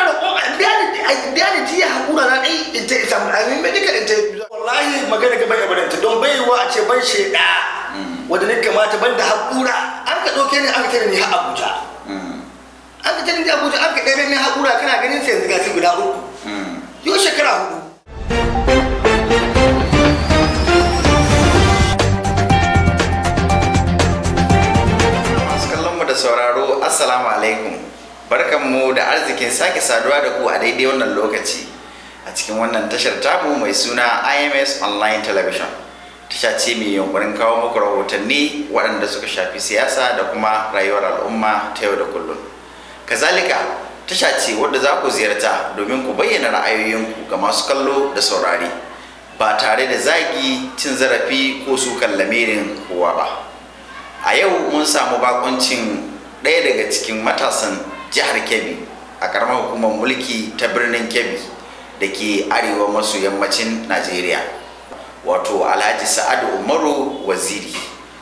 ina roƙon a biya da hakura na in ta isa a medical in ta wallahi magana ga bai abaranta don a ce ban wanda ne kamata ban da hakura an ka ɗauke ni an ka tare ni ha abuja an ka tare ni abuja an ka ɗaya ni hakura kana ganin sai ga su guda uku yau shekara hudu sauraro assalamu alaikum barkanmu da arzikin sake saduwa da ku a daidai wannan lokaci a cikin wannan tashar tamu mai suna ims online television tasha ce mai yunkurin kawo muku rahotanni waɗanda suka shafi siyasa da kuma rayuwar al'umma ta yau da kullum kazalika tasha ce wadda za ku ziyarta domin ku bayyana ra'ayoyinku ga masu kallo da saurari ba tare da zagi cin zarafi ko sukan lamirin kowa ba a yau mun samu bakuncin ɗaya daga cikin matasan jihar kebbi a karamar hukumar mulki ta birnin kebbi da ke arewa masu yammacin najeriya wato alhaji sa'adu umaru waziri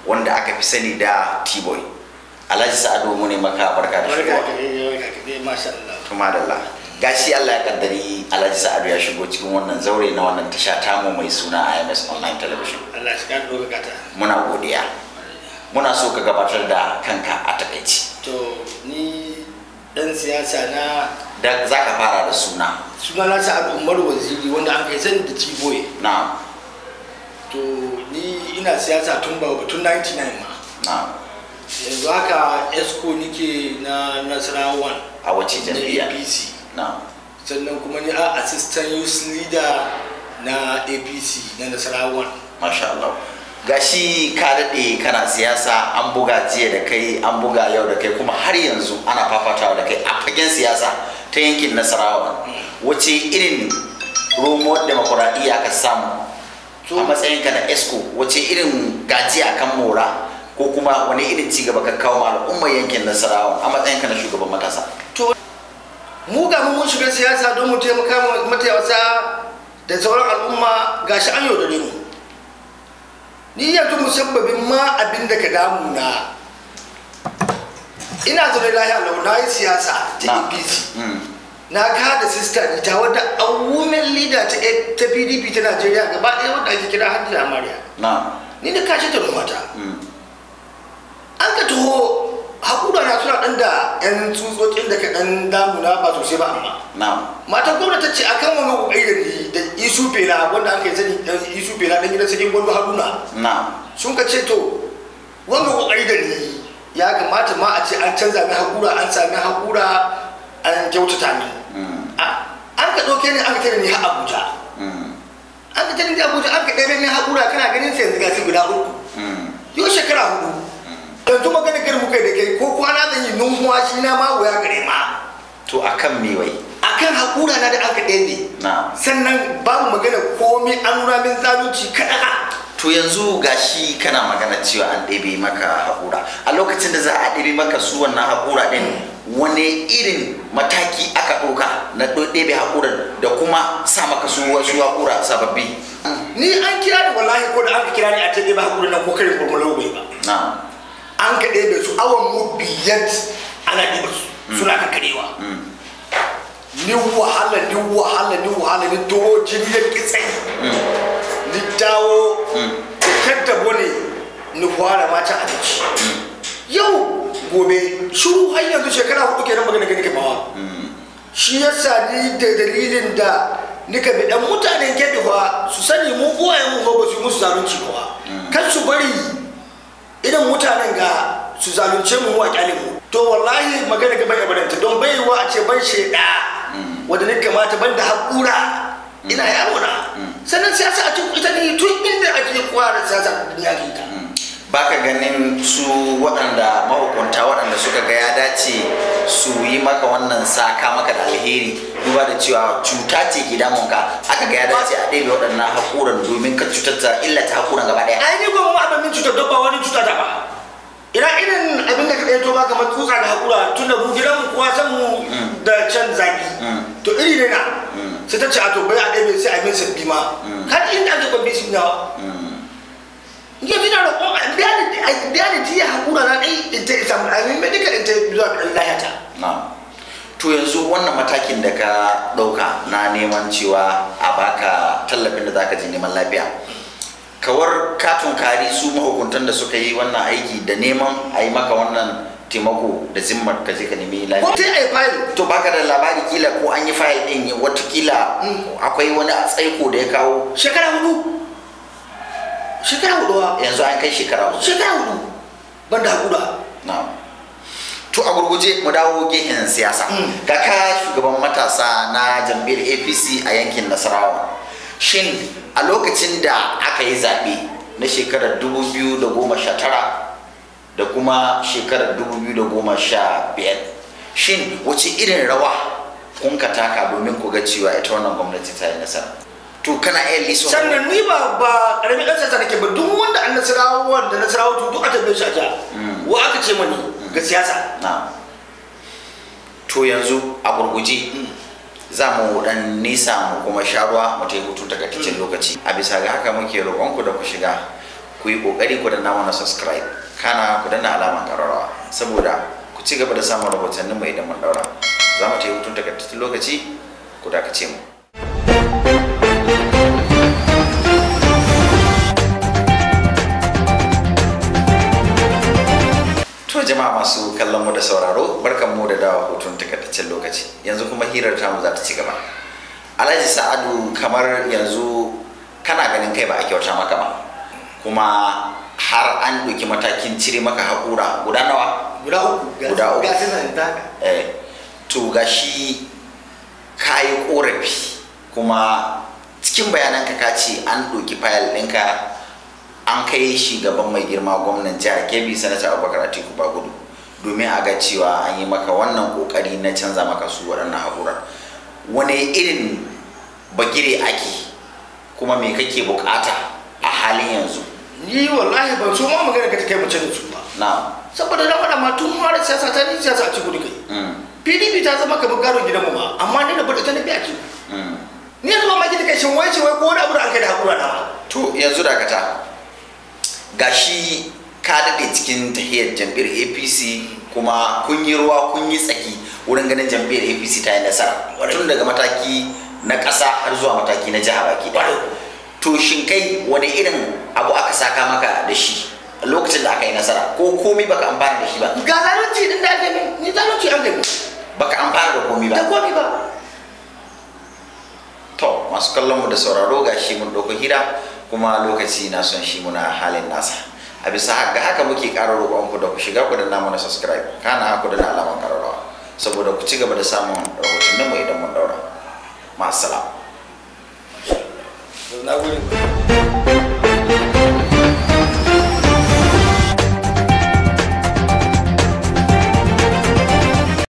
wanda aka fi sani da t-boy alhaji sa'adu mu ne maka barka da shigowa gashi allah ya kaddari alhaji sa'adu ya shigo cikin wannan zaure na wannan tasha tamu mai suna ims online television muna godiya muna so ka gabatar da kanka a takaici to ni ɗan siyasa na da za ka fara da suna suna na abu umaru waziri wanda an kai sani da tiboye na to ni ina siyasa tun ba tun 99 ma na yanzu haka esco nike na nasara a wace jam'iyya apc na sannan kuma ni a assistant youth leader na apc na nasara one masha Allah gashi ka daɗe kana siyasa an buga jiya da kai an buga yau da kai kuma har yanzu ana fafatawa da kai a fagen siyasa ta yankin nasarawa wace irin romo demokuraɗiyya ka samu a matsayinka na esco wace irin gajiya kan mora ko kuma wani irin cigaba ka kawo al'ummar yankin nasarawa a matsayinka na shugaban matasa mu ga mun shiga siyasa don mu taimaka matasa da sauran al'umma gashi an yaudare mu ni yanzu musabbabin ma abinda da ka damu na ina zaune lahiya lau na yi siyasa ta apc e mm. na ka da sista ita wadda a women leader ta pdp eh, ta najeriya gaba ɗaya wanda ake kira hadda mariya ni da kashe ta mata mm. an ka taho hakuna na suna dan da yan tsutsotsin da ka dan damuna ba sosai ba amma na'am matan gwamnati ta ce akan wani ƙoƙari da da isu bela wanda aka yi sani dan isu bela dan gidan sakin gwamnati haruna na'am sun ka ce to wanda ƙoƙari da ni ya kamata ma a ce an canza ni hakura an sami hakura an kyautata ni mm. an ka ɗauke ni an ka tare ni har abuja mm. an ka tare ni abuja an ka ɗebe ni hakura kana ganin sai yanzu ga guda uku mm. yau shekara hudu yanzu magana gar muka da kai ko kwana zan yi numfawa shi na ma wuya gare ma to akan me wai akan hakura na da aka ɗebe sannan babu magana komai an nuna min zalunci kaɗa to yanzu gashi kana magana cewa an ɗebe maka haƙura a lokacin da za a ɗebe maka su wannan haƙura ɗin wani irin mataki aka ɗauka na ɗebe haƙuran da kuma sa maka su wasu haƙura sababbi ni an kira ni wallahi ko da aka kira ni a ta ɗebe haƙuran na ko kare kurmulo bai ba an ka ɗebe su awon mu biyar ana ɗebe su mm. suna ka karewa mm. ni wahala ni wahala ni wahala ni toho jirgin kitsai mm. ni dawo da kyanta bane ni fara ma can abinci yau gobe shuru har yanzu shekara hudu kenan magana gani ke bawa shi yasa ni da dalilin da nika ka dan mutanen gebe su sani mu uwayen mu ba su musu zalunci ba kan su bari idan mutanen ga su zalunce mu wa a to wallahi magana ga bai abaranta don bai a ce ban sheda wanda ne kamata ban da haƙura ina yaro na sannan siyasa a cikin ita ne tun inda ake kwara siyasa duniya ke ta ka ganin su waɗanda mahukunta waɗanda suka ga ya dace su yi maka wannan saka maka da alheri duba da cewa cuta ce ke damun ka aka ga ya dace a ɗebe waɗannan haƙuran domin ka cutar ta illata haƙuran gaba ɗaya ai ni gwamnati abin cutar dabba muka da haƙura tun da mu gidan kuwa san mu mm. da can zaki mm. to iri ne na mm. sai ta ce a to bai a ɗaya sai a min sabbi ma kan inda ake kwamfi sun yawa ya fi na roƙon a biya da tiya haƙura na ɗai in ta isa medical in ta zuwa da lahiyata to yanzu wannan matakin da ka ɗauka na neman cewa a baka tallafin da zaka je neman lafiya kawar katon kari su mahukuntan da suka yi wannan aiki da neman a yi maka wannan taimako da zimmar ka je ka nemi lafiya. Ko sai ai fayil. To baka da labari kila ko an yi fayil din wata kila akwai wani tsaiko da ya kawo. Shekara hudu. shekara hudu wa yanzu an kai shekara hudu shekara hudu ban da hakuda to a gurguje mu dawo gehen siyasa mm. ga ka shugaban matasa na jam'iyyar apc a yankin nasarawa shin a lokacin da aka yi zaɓe na shekarar dubu biyu da goma sha tara. kuma shekarar 2015 shin wace irin rawa kun ka taka domin ku ga cewa ita wannan gwamnati ta yi nasara to kana iya liso sannan ni ba ba karamin ɗan ta nake ba duk wanda an nasarawa da nasarawa to duk a tambaye shi a jiha mm. wa aka ce mani ga siyasa to yanzu a gurguje za mu dan nisa mu kuma sha ruwa mu ta hutu daga cikin lokaci a bisa ga haka muke roƙonku da ku shiga ku yi ƙoƙari ku da na mana subscribe kana ku danna alaman kararrawa saboda ku ci gaba da samun rahotannin mai idan mun daura za mu ta yi hutun takaitattun lokaci ku dakace mu to jama'a masu kallon mu da sauraro barkan mu da dawa hutun takaitaccen lokaci yanzu kuma hirar ta mu za ta ci gaba alhaji sa'adu kamar yanzu kana ganin kai ba a kyauta maka ba kuma har an ɗauki matakin cire maka haƙura guda nawa guda uku guda uku eh to ga shi ka yi ƙorafi kuma cikin bayananka ka ce an ɗauki fayil ɗinka an kai shi gaban mai girma gwamnan jihar kebbi sanata abubakar atiku gudu domin a ga cewa an yi maka wannan ƙoƙari na canza maka su waɗannan haƙuran wani irin bagire ake kuma me kake bukata a halin yanzu ni wallahi ban so ma magana ka ta kai mace da su ba saboda na fara ma tun fara siyasa ta ni siyasa ci gudu kai mm. pdp ta zama kamar gidan mu ba amma ni da bada ta na a ki mm. ni yanzu ba ma gida kai shin wai ce wai ko wani abu da an kai da hakura na to yanzu kata gashi ka dade cikin tahiyar jam'iyyar apc kuma kun yi ruwa kun yi tsaki wurin ganin jam'iyyar apc ta yi nasara tun daga mataki na ƙasa har zuwa mataki na jiha baki ɗaya to shin kai wani irin abu aka saka maka da shi lokacin da aka yi nasara ko komi baka amfana da shi ba ga zalunci din da ake ni zalunci an gani baka amfana da komi ba da komi ba to masu kallon mu da sauraro ga shi mun doko hira kuma lokaci na son shi muna halin nasa a bisa haka haka muke ƙara roƙon ku da ku shiga ku da namu na subscribe kana ku da alaman ƙararrawa saboda ku ci gaba da samun rahotanninmu idan mun daura ma'assalam 来桂林。